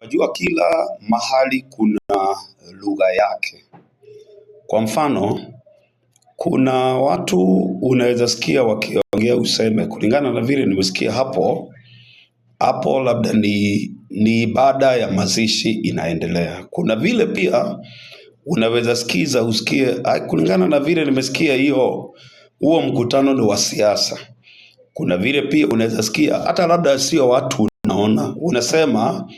Wajua kila mahali kuna lugha yake. Kwa mfano, kuna watu unaweza sikia wakiongea useme kulingana na vile nimesikia hapo hapo, labda ni ni ibada ya mazishi inaendelea. Kuna vile pia unaweza sikiza usikie ah, kulingana na vile nimesikia hiyo huo mkutano ni wa siasa. Kuna vile pia unaweza sikia hata labda sio watu unaona, unasema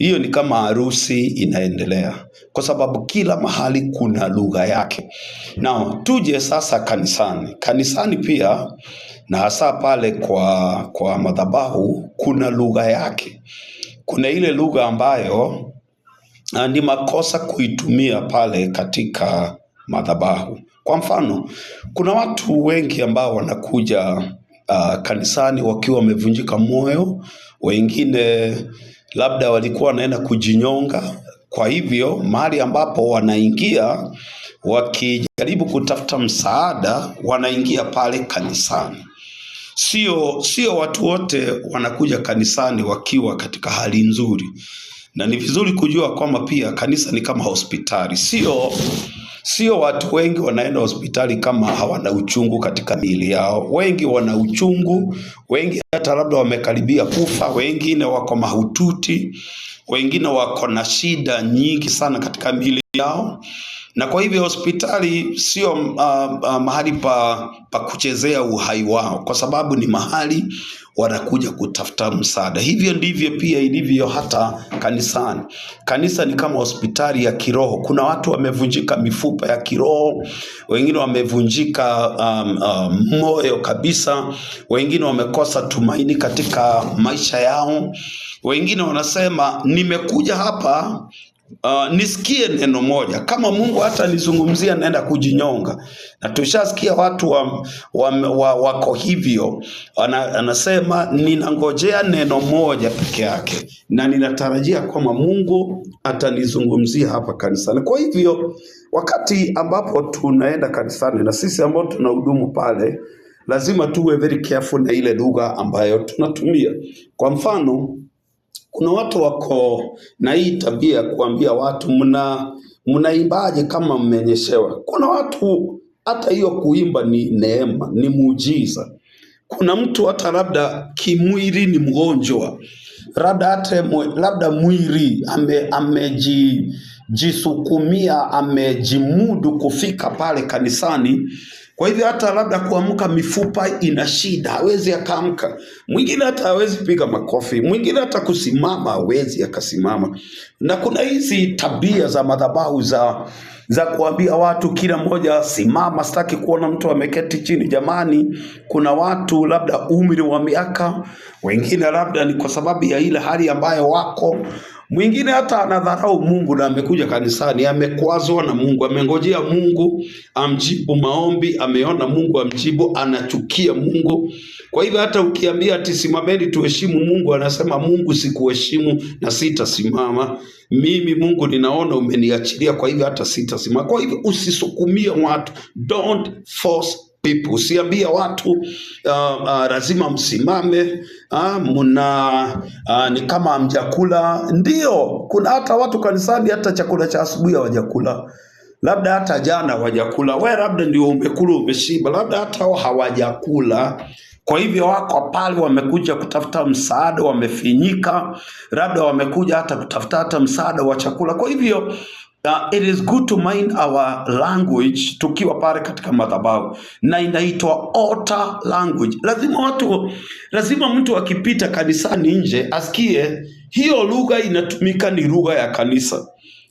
hiyo ni kama harusi inaendelea, kwa sababu kila mahali kuna lugha yake. Na tuje sasa kanisani. Kanisani pia na hasa pale kwa, kwa madhabahu kuna lugha yake. Kuna ile lugha ambayo ah, ni makosa kuitumia pale katika madhabahu. Kwa mfano, kuna watu wengi ambao wanakuja uh, kanisani wakiwa wamevunjika moyo, wengine labda walikuwa wanaenda kujinyonga. Kwa hivyo mahali ambapo wanaingia wakijaribu kutafuta msaada, wanaingia pale kanisani. Sio, sio watu wote wanakuja kanisani wakiwa katika hali nzuri, na ni vizuri kujua kwamba pia kanisa ni kama hospitali. Sio, sio watu wengi wanaenda hospitali kama hawana uchungu katika miili yao. Wengi wana uchungu, wengi hata labda wamekaribia kufa, wengine wako mahututi, wengine wako na shida nyingi sana katika miili yao, na kwa hivyo hospitali sio uh, uh, mahali pa, pa kuchezea uhai wao, kwa sababu ni mahali wanakuja kutafuta msaada. Hivyo ndivyo pia ilivyo hata kanisani. Kanisa ni kama hospitali ya kiroho. Kuna watu wamevunjika mifupa ya kiroho, wengine wamevunjika um, um, moyo kabisa, wengine wamekosa tumaini katika maisha yao, wengine wanasema ni nimekuja hapa uh, nisikie neno moja. Kama Mungu hata nizungumzia, naenda kujinyonga, na tushasikia watu wa, wa, wa, wako hivyo. Ana, anasema ninangojea neno moja peke yake, na ninatarajia kwamba Mungu atanizungumzia hapa kanisani. Kwa hivyo wakati ambapo tunaenda kanisani na sisi ambao tunahudumu pale lazima tuwe very careful na ile lugha ambayo tunatumia. Kwa mfano kuna watu wako na hii tabia ya kuambia watu mna mnaimbaje kama mmenyeshewa. Kuna watu hata hiyo kuimba ni neema, ni muujiza. Kuna mtu hata labda kimwili ni mgonjwa, labda hata labda mwili ame, amejisukumia amejimudu kufika pale kanisani kwa hivyo hata labda kuamka mifupa ina shida, hawezi akaamka. Mwingine hata hawezi piga makofi, mwingine hata kusimama hawezi akasimama. Na kuna hizi tabia za madhabahu za za kuambia watu kila mmoja simama, sitaki kuona mtu ameketi chini. Jamani, kuna watu labda umri wa miaka, wengine labda ni kwa sababu ya ile hali ambayo wako Mwingine hata anadharau Mungu na amekuja kanisani, amekwazwa na Mungu, amengojea Mungu amjibu maombi, ameona Mungu amjibu, anachukia Mungu. Kwa hivyo hata ukiambia ati simameni tuheshimu Mungu, anasema Mungu, sikuheshimu na sitasimama mimi. Mungu, ninaona umeniachilia, kwa hivyo hata sitasimama. Kwa hivyo usisukumie watu, don't force people. Usiambia watu uh, uh, lazima msimame uh, ah, mna uh, ni kama hamjakula. Ndio, kuna hata watu kanisani hata chakula cha asubuhi hawajakula labda hata jana hawajakula. We labda ndio umekula umeshiba, labda hata hawajakula. Kwa hivyo wako pale, wamekuja kutafuta msaada, wamefinyika, labda wamekuja hata kutafuta hata msaada wa chakula. Kwa hivyo Uh, it is good to mind our language tukiwa pale katika madhabahu, na inaitwa altar language. Lazima watu, lazima mtu akipita kanisani nje asikie hiyo lugha inatumika, ni lugha ya kanisa,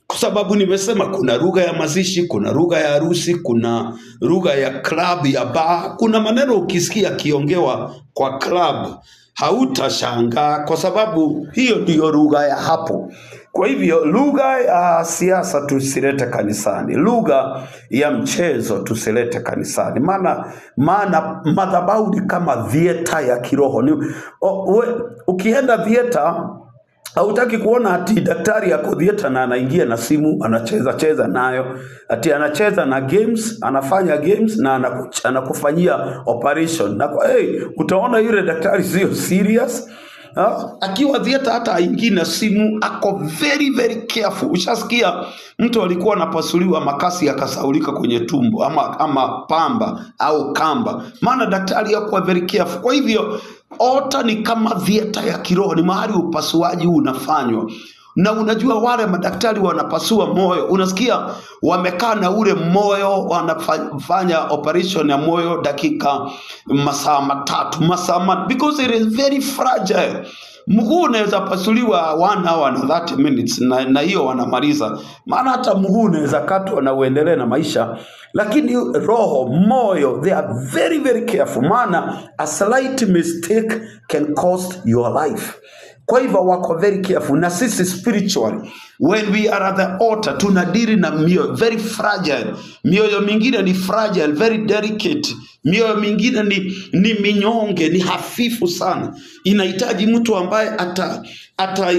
kwa sababu nimesema kuna lugha ya mazishi, kuna lugha ya harusi, kuna lugha ya club ya bar, kuna maneno ukisikia akiongewa kwa club hautashangaa kwa sababu hiyo ndiyo lugha ya hapo. Kwa hivyo lugha ya siasa tusilete kanisani, lugha ya mchezo tusilete kanisani, maana maana madhabahu ni kama vieta ya kiroho ni, o, we, ukienda vieta Hautaki kuona ati daktari ako theater na anaingia na simu anacheza cheza nayo, ati anacheza na games, anafanya games na anakufanyia operation na kwa, hey, utaona yule daktari sio serious akiwa theater hata aingii na simu, ako very very careful. Ushasikia mtu alikuwa anapasuliwa makasi akasaulika kwenye tumbo ama, ama pamba au kamba, maana daktari akuwa very careful. Kwa hivyo ota ni kama theater ya kiroho, ni mahali upasuaji unafanywa na unajua wale madaktari wanapasua moyo, unasikia wamekaa na ule moyo, wanafanya operation ya moyo dakika masaa matatu masaa matatu, because it is very fragile. Mguu unaweza pasuliwa one hour na 30 minutes, na, na hiyo wanamaliza, maana hata mguu unaweza katwa na uendelee na maisha, lakini roho, moyo, they are very very careful, maana a slight mistake can cost your life. Kwa hivyo wako very careful, na sisi spiritually when we are at the altar tunadiri na mioyo very fragile. Mioyo mingine ni fragile, very delicate. Mioyo mingine ni, ni minyonge, ni hafifu sana, inahitaji mtu ambaye ata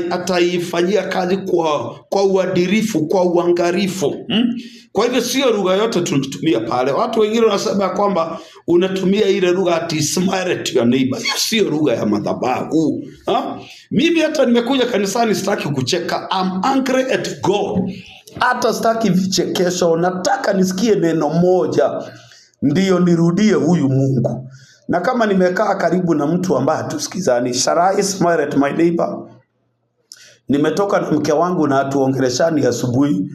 ataifanyia ata kazi kwa kwa uadirifu, kwa uangarifu hmm? Kwa hivyo sio lugha yote tunatumia pale. Watu wengine wanasema kwamba unatumia ile lugha ati smile to your neighbor. Hiyo sio lugha ya madhabahu. Ha? Mimi hata nimekuja kanisani sitaki kucheka. I'm angry at God. Hata sitaki vichekesho, nataka nisikie neno moja ndiyo nirudie huyu Mungu. Na kama nimekaa karibu na mtu ambaye hatusikizani, sharai smile at my neighbor. Nimetoka na mke wangu na hatuongeleshani asubuhi.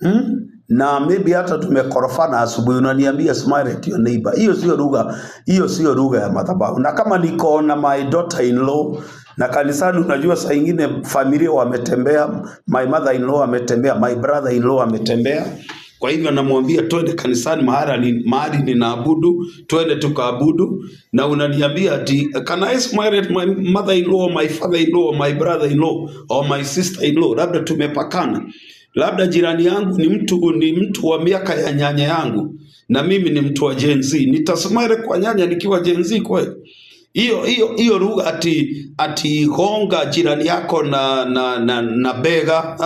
Hmm? na maybe hata tumekorofana asubuhi, unaniambia smile at your neighbor. Hiyo sio lugha, hiyo sio lugha ya madhabahu. Na kama niko na my daughter in law na kanisani, unajua saa ingine familia wametembea, my mother in law ametembea, my brother in law ametembea kwa hivyo namwambia twende kanisani mahali mahali ninaabudu, twende tukaabudu, na unaniambia ati can I smile at my mother in law, my father in law, my brother in law or my sister in law, labda tumepakana Labda jirani yangu ni mtu ni mtu wa miaka ya nyanya yangu na mimi ni mtu wa Gen Z. Nitasmere kwa nyanya nikiwa Gen Z kwa Hiyo hiyo hiyo lugha ati ati honga jirani yako na na na, na bega.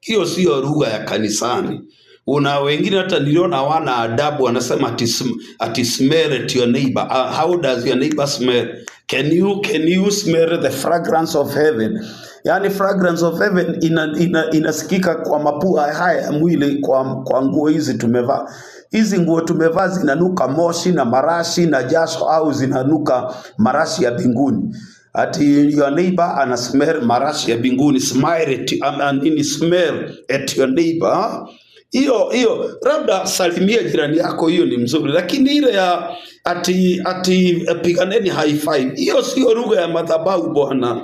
Hiyo siyo lugha ya kanisani. Una wengine hata niliona wana adabu wanasema ati ati smell at your neighbor. Uh, how does your neighbor smell? Can you can you smell the fragrance of heaven? yaani fragrance of heaven ina, ina, inasikika kwa mapua haya ya mwili kwa, kwa nguo hizi tumevaa. Hizi nguo tumevaa zinanuka moshi na marashi na jasho, au zinanuka marashi ya binguni. ati your neighbor ana smell marashi ya binguni, Smile at, um, nini smell at your neighbor. Hiyo hiyo labda salimia jirani yako, hiyo ni mzuri, lakini ile ya ati ati piganeni high five, hiyo sio lugha ya madhabahu bwana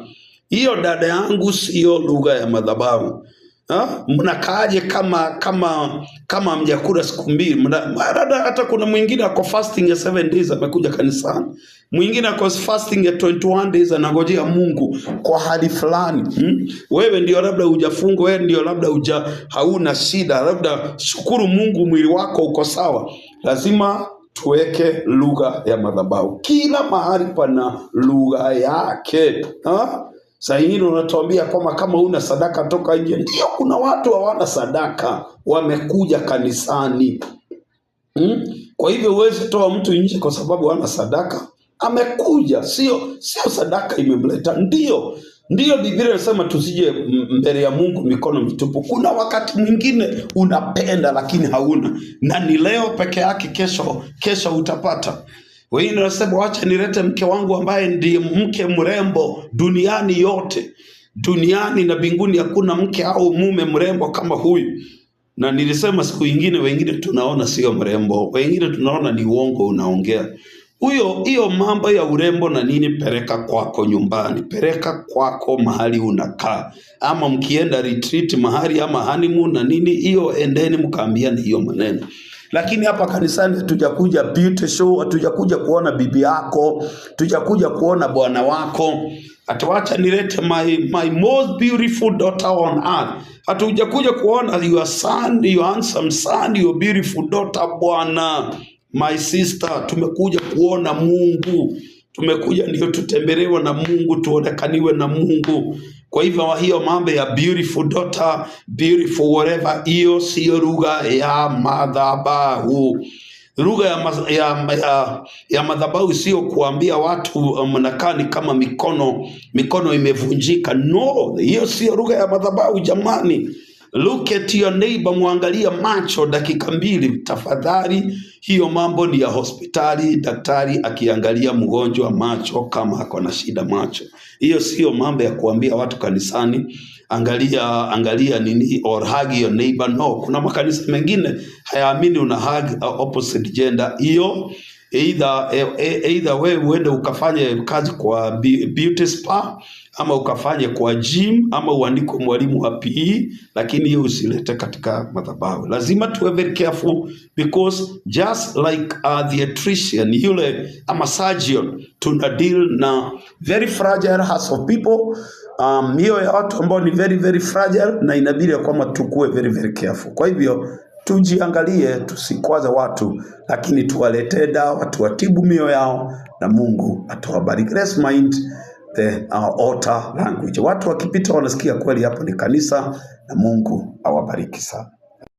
hiyo dada yangu siyo lugha ya madhabahu. Mnakaaje kama kama kama mjakula siku mbili? Hata kuna mwingine ako fasting ya 7 days amekuja kanisani, mwingine ako fasting ya 21 days anangojea Mungu kwa hali fulani hmm? Wewe ndio labda hujafunga, wewe ndio labda huja hauna shida, labda shukuru Mungu, mwili wako uko sawa. Lazima tuweke lugha ya madhabahu, kila mahali pana lugha yake ha? Saa ingine unatuambia kwamba kama una sadaka toka nje. Ndio, kuna watu hawana sadaka, wamekuja kanisani hmm? Kwa hivyo huwezi toa mtu nje kwa sababu hana sadaka, amekuja, sio sio sadaka imemleta. ndio ndio Biblia inasema tusije mbele ya Mungu mikono mitupu. Kuna wakati mwingine unapenda lakini hauna, na ni leo peke yake, kesho kesho utapata. Wengine wanasema wacha nilete mke wangu ambaye ndiye mke mrembo duniani yote. Duniani na binguni hakuna mke au mume mrembo kama huyu. Na nilisema siku ingine, wengine tunaona sio mrembo, wengine tunaona ni uongo unaongea huyo. Hiyo mambo ya urembo na nini, pereka kwako nyumbani, pereka kwako mahali unakaa, ama mkienda retreat mahali ama honeymoon na nini, hiyo endeni mkaambiane hiyo maneno. Lakini hapa kanisani hatujakuja beauty show, hatujakuja kuona bibi yako, hatujakuja kuona bwana wako. Atawacha nilete my, my most beautiful daughter on earth. Hatujakuja kuona your son, your handsome son, your beautiful daughter bwana. My sister, tumekuja kuona Mungu tumekuja ndio tutembelewe na Mungu, tuonekaniwe na Mungu. Kwa hivyo hiyo mambo ya beautiful daughter, beautiful whatever, hiyo siyo lugha ya madhabahu. Lugha ya, ya, ya, ya madhabahu sio kuambia watu um, mnakaa ni kama mikono mikono imevunjika. No, hiyo siyo lugha ya madhabahu jamani. Look at your neighbor, mwangalia macho dakika mbili tafadhali. Hiyo mambo ni ya hospitali, daktari akiangalia mgonjwa macho kama ako na shida macho. Hiyo siyo mambo ya kuambia watu kanisani, angalia angalia nini or hug your neighbor. No, kuna makanisa mengine hayaamini una hug opposite gender. Hiyo either e, e, either wewe uende ukafanye kazi kwa beauty spa ama ukafanye kwa gym ama uandiko mwalimu wa PE, lakini hiyo usilete katika madhabahu. Lazima tuwe very careful because just like a uh, theatrician yule ama surgeon, tuna deal na very fragile hearts of people um, hiyo ya watu ambao ni very very fragile, na inabidi ya kwamba tukue very very careful. Kwa hivyo tujiangalie, tusikwaze watu, lakini tuwaletee dawa, tuwatibu mioyo yao, na Mungu atuwabariki. Rest mind the uh, altar language. Watu wakipita wanasikia kweli hapo ni kanisa, na Mungu awabariki sana.